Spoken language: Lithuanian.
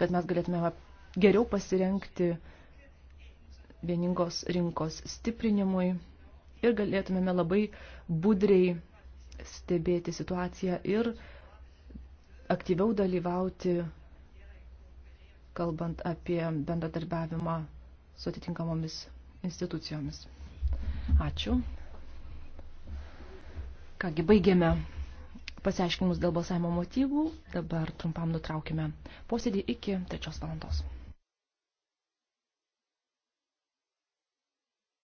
kad mes galėtume geriau pasirenkti vieningos rinkos stiprinimui ir galėtumėme labai budriai stebėti situaciją ir aktyviau dalyvauti, kalbant apie bendradarbiavimą su atitinkamomis institucijomis. Ačiū. Kągi, baigėme pasiaiškinimus dėl balsavimo motyvų. Dabar trumpam nutraukime posėdį iki trečios valandos.